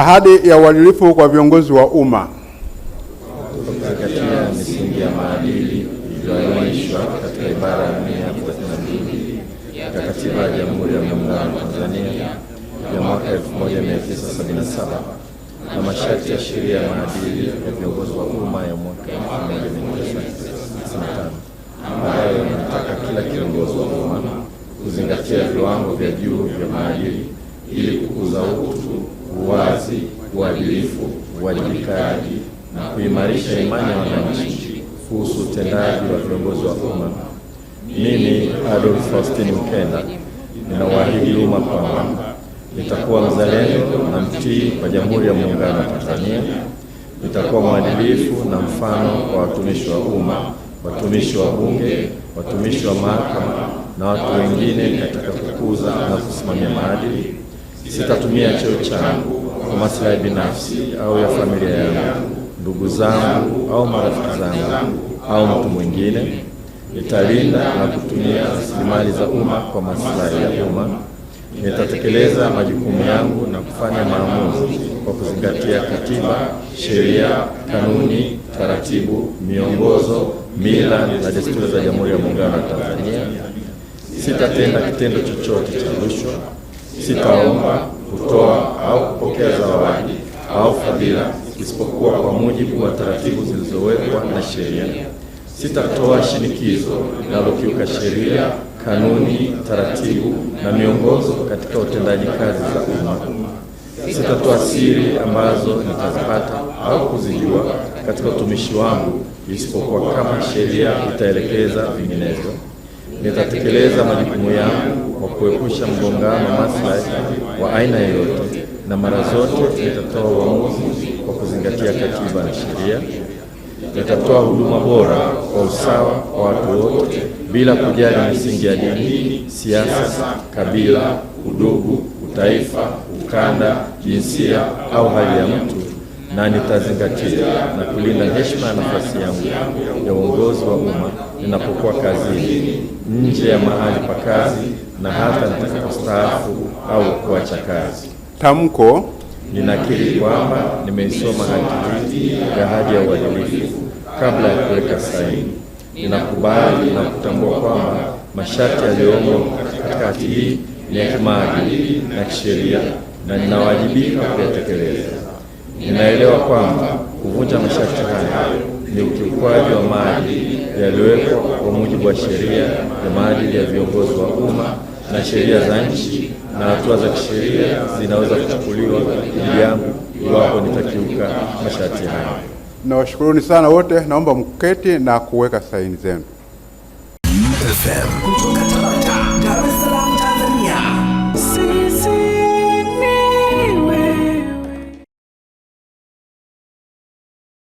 Ahadi ya uadilifu kwa viongozi wa umma. Kuzingatia misingi ya maadili iliyoainishwa katika ibara ya mia thelathini na mbili ya Katiba ya Jamhuri ya Muungano wa Tanzania ya mwaka 1977 na masharti ya sheria ya maadili ya viongozi wa umma ya mwaka 1995 ambayo yanataka kila kiongozi wa umma kuzingatia viwango vya juu vya maadili ili kukuza utu uwazi, uadilifu, uwajibikaji na kuimarisha imani ya wananchi kuhusu utendaji wa viongozi wa umma. Mimi Adolf Faustin Mkenda ninawaahidi umma kwamba nitakuwa mzalendo na mtii kwa Jamhuri ya Muungano wa Tanzania, nitakuwa mwadilifu na mfano kwa watumishi wa umma, watumishi wa Bunge, watumishi wa mahakama na watu wengine katika kukuza na kusimamia maadili sitatumia cheo changu kwa maslahi binafsi au ya familia yangu, ndugu zangu au marafiki zangu au mtu mwingine. Nitalinda na kutumia rasilimali za umma kwa maslahi ya umma. Nitatekeleza majukumu yangu na kufanya maamuzi kwa kuzingatia katiba, sheria, kanuni, taratibu, miongozo, mila na desturi za Jamhuri ya Muungano wa Tanzania. Sitatenda kitendo chochote cha rushwa sitaomba kutoa au kupokea zawadi au fadhila isipokuwa kwa mujibu wa taratibu zilizowekwa na sheria. Sitatoa shinikizo linalokiuka sheria, kanuni, taratibu na miongozo katika utendaji kazi za umma. Sitatoa siri ambazo nitazipata au kuzijua katika utumishi wangu isipokuwa kama sheria itaelekeza vinginevyo nitatekeleza majukumu yangu kwa kuepusha mgongano maslahi wa aina yoyote, na mara zote nitatoa uamuzi kwa kuzingatia katiba na sheria. Nitatoa huduma bora kwa usawa kwa watu wote bila kujali misingi ya dini, siasa, kabila, udugu, utaifa, ukanda, jinsia au hali ya mtu na nitazingatia na kulinda heshima ya nafasi yangu ya uongozi wa umma ninapokuwa kazini, nje ya mahali pa kazi na hata nitakapostaafu au kuacha kazi. Tamko: ninakiri kwamba nimeisoma hati hii ya hadi ya uadilifu kabla ya kuweka saini. Ninakubali na kutambua kwamba masharti yaliyomo katika hati hii ni ya kimaadili na kisheria na ninawajibika kuyatekeleza. Ninaelewa kwamba kuvunja masharti hayo ni ukiukwaji wa maadili yaliyowekwa kwa mujibu wa sheria ya maadili ya viongozi wa umma na sheria za nchi na hatua za kisheria zinaweza kuchukuliwa dhidi yangu iwapo nitakiuka masharti hayo. Nawashukuruni sana wote, naomba mketi na kuweka saini zenu.